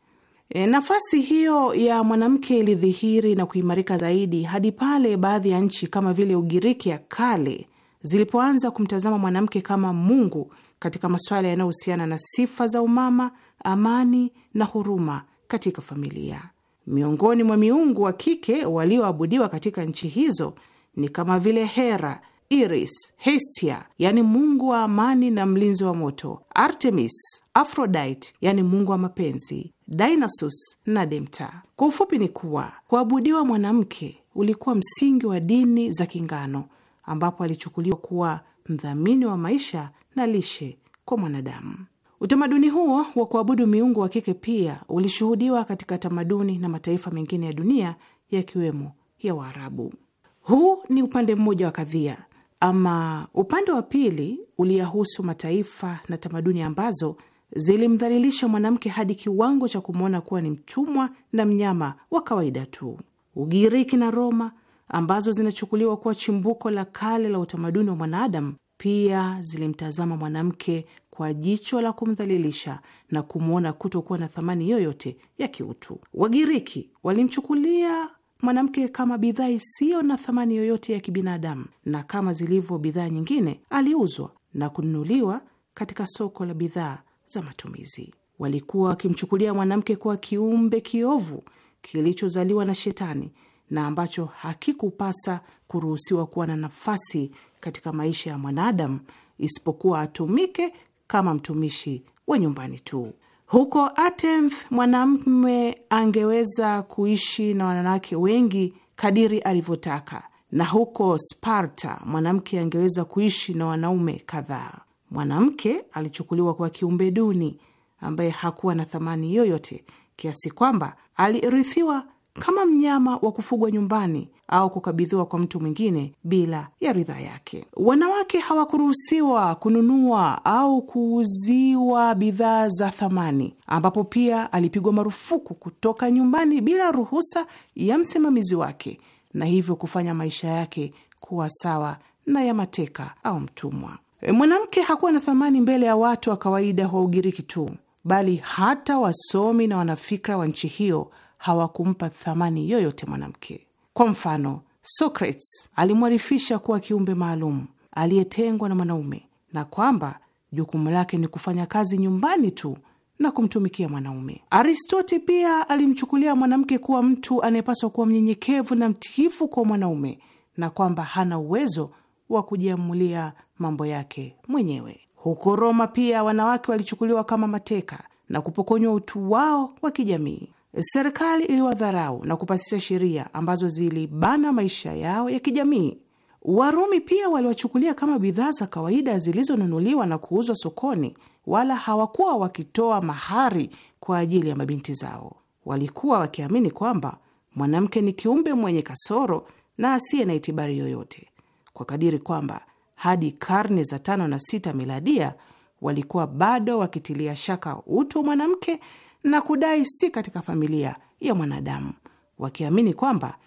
E, nafasi hiyo ya mwanamke ilidhihiri na kuimarika zaidi hadi pale baadhi ya nchi kama vile Ugiriki ya kale zilipoanza kumtazama mwanamke kama mungu katika masuala yanayohusiana na sifa za umama, amani na huruma katika familia. Miongoni mwa miungu wa kike walioabudiwa katika nchi hizo ni kama vile Hera Iris, Hestia yani mungu wa amani na mlinzi wa moto, Artemis, Aphrodite yani mungu wa mapenzi, Dionysus na Demta. Kwa ufupi ni kuwa kuabudiwa mwanamke ulikuwa msingi wa dini za Kingano, ambapo alichukuliwa kuwa mdhamini wa maisha na lishe kwa mwanadamu. Utamaduni huo wa kuabudu miungu wa kike pia ulishuhudiwa katika tamaduni na mataifa mengine ya dunia yakiwemo ya Waarabu. Huu ni upande mmoja wa kadhia, ama upande wa pili uliyahusu mataifa na tamaduni ambazo zilimdhalilisha mwanamke hadi kiwango cha kumwona kuwa ni mtumwa na mnyama wa kawaida tu. Ugiriki na Roma ambazo zinachukuliwa kuwa chimbuko la kale la utamaduni wa mwanadamu pia zilimtazama mwanamke kwa jicho la kumdhalilisha na kumwona kutokuwa na thamani yoyote ya kiutu. Wagiriki walimchukulia mwanamke kama bidhaa isiyo na thamani yoyote ya kibinadamu, na kama zilivyo bidhaa nyingine, aliuzwa na kununuliwa katika soko la bidhaa za matumizi. Walikuwa wakimchukulia mwanamke kuwa kiumbe kiovu kilichozaliwa na Shetani na ambacho hakikupasa kuruhusiwa kuwa na nafasi katika maisha ya mwanadamu, isipokuwa atumike kama mtumishi wa nyumbani tu. Huko Athens mwanamume angeweza kuishi na wanawake wengi kadiri alivyotaka, na huko Sparta mwanamke angeweza kuishi na wanaume kadhaa. Mwanamke alichukuliwa kwa kiumbe duni ambaye hakuwa na thamani yoyote, kiasi kwamba alirithiwa kama mnyama wa kufugwa nyumbani au kukabidhiwa kwa mtu mwingine bila ya ridhaa yake. Wanawake hawakuruhusiwa kununua au kuuziwa bidhaa za thamani, ambapo pia alipigwa marufuku kutoka nyumbani bila ruhusa ya msimamizi wake, na hivyo kufanya maisha yake kuwa sawa na ya mateka au mtumwa. E, mwanamke hakuwa na thamani mbele ya watu wa kawaida wa Ugiriki tu, bali hata wasomi na wanafikra wa nchi hiyo hawakumpa thamani yoyote mwanamke. Kwa mfano, Socrates alimwarifisha kuwa kiumbe maalum aliyetengwa na mwanaume na kwamba jukumu lake ni kufanya kazi nyumbani tu na kumtumikia mwanaume. aristote pia alimchukulia mwanamke kuwa mtu anayepaswa kuwa mnyenyekevu na mtiifu kwa mwanaume na kwamba hana uwezo wa kujiamulia mambo yake mwenyewe. Huko Roma pia wanawake walichukuliwa kama mateka na kupokonywa utu wao wa kijamii. Serikali iliwadharau na kupasisha sheria ambazo zilibana maisha yao ya kijamii. Warumi pia waliwachukulia kama bidhaa za kawaida zilizonunuliwa na kuuzwa sokoni, wala hawakuwa wakitoa mahari kwa ajili ya mabinti zao. Walikuwa wakiamini kwamba mwanamke ni kiumbe mwenye kasoro na asiye na itibari yoyote, kwa kadiri kwamba hadi karne za tano na sita miladia walikuwa bado wakitilia shaka utu wa mwanamke na kudai si katika familia ya mwanadamu, wakiamini kwamba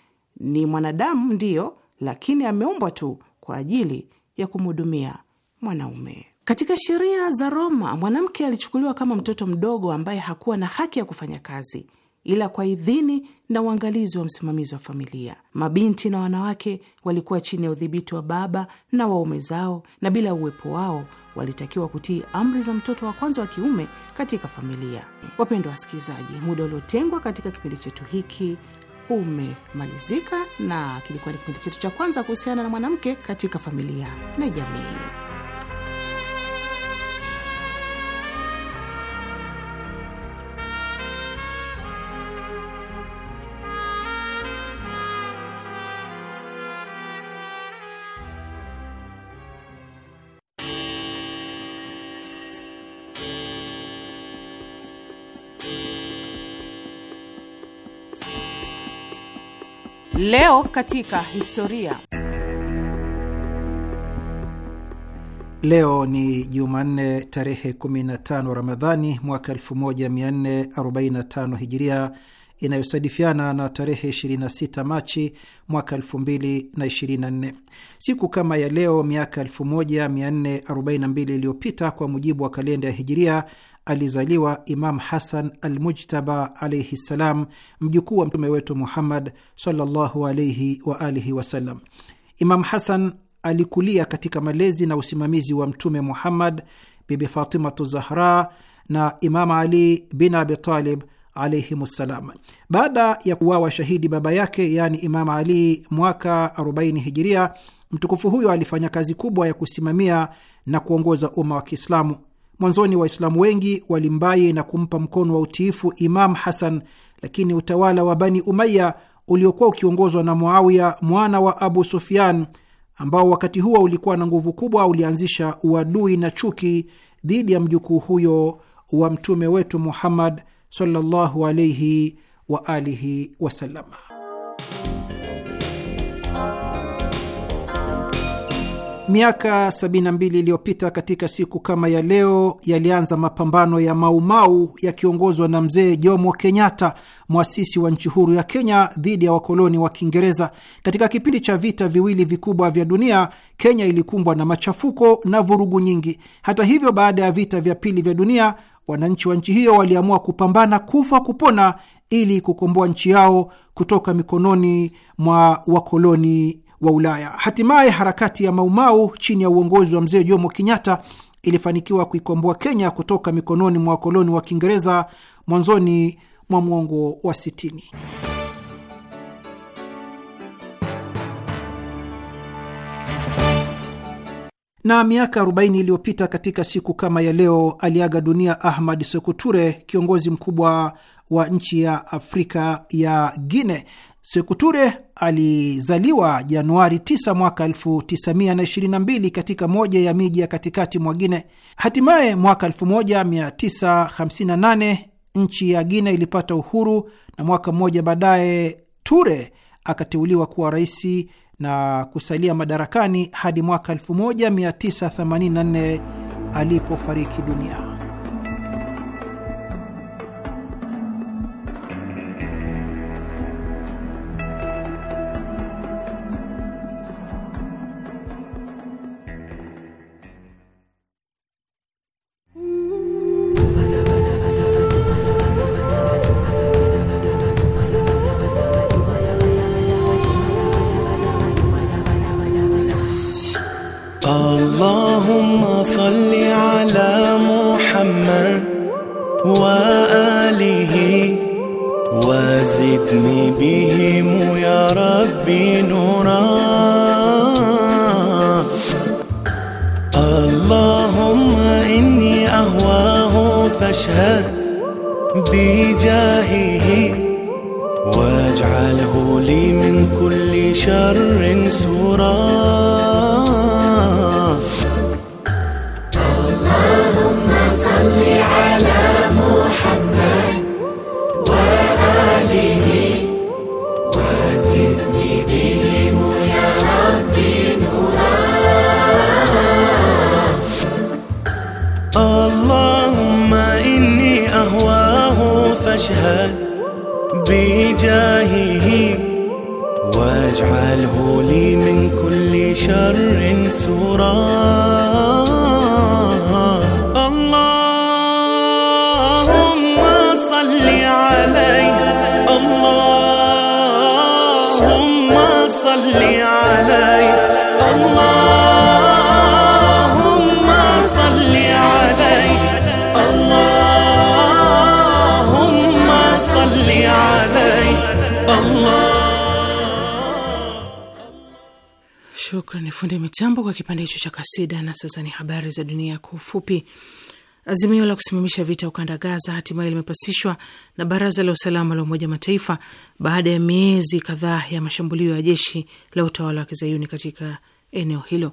ni mwanadamu ndiyo, lakini ameumbwa tu kwa ajili ya kumhudumia mwanaume. Katika sheria za Roma, mwanamke alichukuliwa kama mtoto mdogo ambaye hakuwa na haki ya kufanya kazi ila kwa idhini na uangalizi wa msimamizi wa familia. Mabinti na wanawake walikuwa chini ya udhibiti wa baba na waume zao, na bila uwepo wao walitakiwa kutii amri za mtoto wa kwanza wa kiume katika familia. Wapendwa wasikilizaji, muda uliotengwa katika kipindi chetu hiki umemalizika, na kilikuwa ni kipindi chetu cha kwanza kuhusiana na mwanamke katika familia na jamii. Leo katika historia. Leo ni Jumanne tarehe 15 Ramadhani mwaka 1445 Hijiria, inayosadifiana na tarehe 26 Machi mwaka 2024. Siku kama ya leo miaka 1442 iliyopita, kwa mujibu wa kalenda ya Hijiria, alizaliwa Imam Hasan Almujtaba alaihi ssalam, mjukuu wa mtume wetu Muhammad sallallahu alaihi wa alihi wasallam. Imam Hasan alikulia katika malezi na usimamizi wa Mtume Muhammad, Bibi Fatimatu Zahra na Imam Ali bin Abitalib alaihim ssalam. Baada ya kuwawa shahidi baba yake, yani Imam Ali mwaka 40 Hijiria, mtukufu huyo alifanya kazi kubwa ya kusimamia na kuongoza umma wa Kiislamu. Mwanzoni Waislamu wengi walimbaye na kumpa mkono wa utiifu Imam Hasan, lakini utawala wa Bani Umaya uliokuwa ukiongozwa na Muawiya mwana wa Abu Sufyan, ambao wakati huo ulikuwa na nguvu kubwa, ulianzisha uadui na chuki dhidi ya mjukuu huyo wa mtume wetu Muhammad sallallahu alaihi wa alihi wasallam. Miaka 72 iliyopita katika siku kama ya leo yalianza mapambano ya Maumau yakiongozwa na mzee Jomo Kenyatta, mwasisi wa nchi huru ya Kenya, dhidi ya wakoloni wa Kiingereza. Katika kipindi cha vita viwili vikubwa vya dunia, Kenya ilikumbwa na machafuko na vurugu nyingi. Hata hivyo, baada ya vita vya pili vya dunia, wananchi wa nchi hiyo waliamua kupambana kufa kupona ili kukomboa nchi yao kutoka mikononi mwa wakoloni wa Ulaya. Hatimaye harakati ya Maumau chini ya uongozi wa mzee Jomo Kenyatta ilifanikiwa kuikomboa Kenya kutoka mikononi mwa wakoloni wa Kiingereza mwanzoni mwa mwongo wa sitini. Na miaka 40 iliyopita katika siku kama ya leo aliaga dunia Ahmad sekuture kiongozi mkubwa wa nchi ya Afrika ya guine Sekuture alizaliwa Januari 9 mwaka 1922 katika moja ya miji ya katikati mwa Gine. Hatimaye mwaka 1958 nchi ya Gine ilipata uhuru na mwaka mmoja baadaye Ture akateuliwa kuwa rais na kusalia madarakani hadi mwaka 1984 alipofariki dunia. kasida. Na sasa ni habari za dunia kwa ufupi. Azimio la kusimamisha vita ukanda Gaza hatimaye limepasishwa na Baraza la Usalama la Umoja Mataifa baada ya miezi kadhaa ya mashambulio ya jeshi la utawala wa kizayuni katika eneo hilo.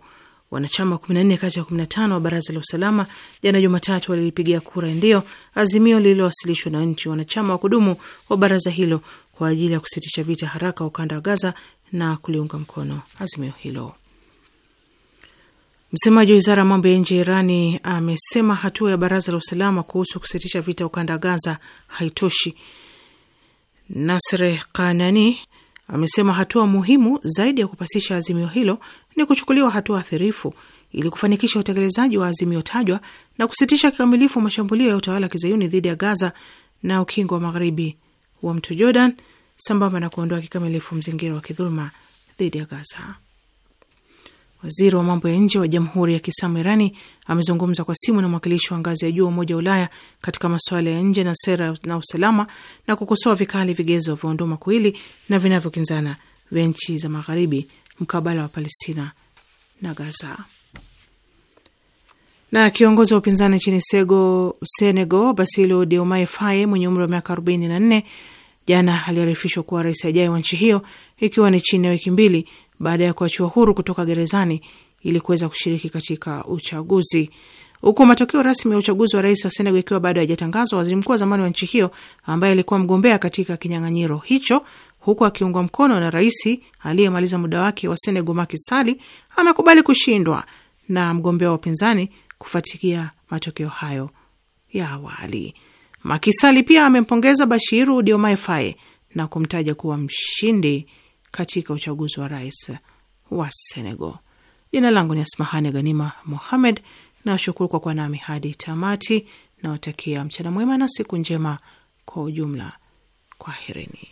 Wanachama 14 kati ya 15 wa Baraza la Usalama jana Jumatatu walilipigia kura ndio azimio lililowasilishwa na nchi wanachama wa kudumu wa baraza hilo kwa ajili ya kusitisha vita haraka ukanda wa Gaza na kuliunga mkono azimio hilo. Msemaji wa wizara ya mambo ya nje ya Irani amesema hatua ya baraza la usalama kuhusu kusitisha vita ukanda wa Gaza haitoshi. Nasre Kanani amesema hatua muhimu zaidi ya kupasisha azimio hilo ni kuchukuliwa hatua athirifu ili kufanikisha utekelezaji wa azimio tajwa na kusitisha kikamilifu mashambulio ya utawala wa kizayuni dhidi ya Gaza na ukingo wa magharibi wa mto Jordan sambamba na kuondoa kikamilifu mzingiro wa kidhuluma dhidi ya Gaza. Waziri wa mambo ya nje wa Jamhuri ya Kiislamu Irani amezungumza kwa simu na mwakilishi wa ngazi ya juu wa Umoja wa Ulaya katika masuala ya nje na sera na usalama na kukosoa vikali vigezo vya unduma kuili na vinavyokinzana vya nchi za Magharibi mkabala wa Palestina na Gaza. Na kiongozi wa upinzani nchini Sego, Senego, Bassirou Diomaye Faye mwenye umri wa miaka 44 jana aliarifishwa kuwa rais ajai wa nchi hiyo ikiwa ni chini ya wiki mbili baada ya kuachiwa huru kutoka gerezani ili kuweza kushiriki katika uchaguzi. Huku matokeo rasmi ya uchaguzi wa rais wa Senegal ikiwa bado hayajatangazwa, waziri mkuu wa zamani wa nchi hiyo ambaye alikuwa mgombea katika kinyang'anyiro hicho huku akiungwa mkono na rais aliyemaliza muda wake wa Senegal Macky Sall amekubali kushindwa na mgombea wa upinzani kufuatilia matokeo hayo ya awali. Makisali pia amempongeza Bashiru Diomaye Faye na kumtaja kuwa mshindi katika uchaguzi wa rais wa Senegal. Jina langu ni Asmahani Ghanima Mohamed na shukuru kwa kuwa nami hadi tamati. Nawatakia mchana mwema na siku njema kwa ujumla. Kwaherini.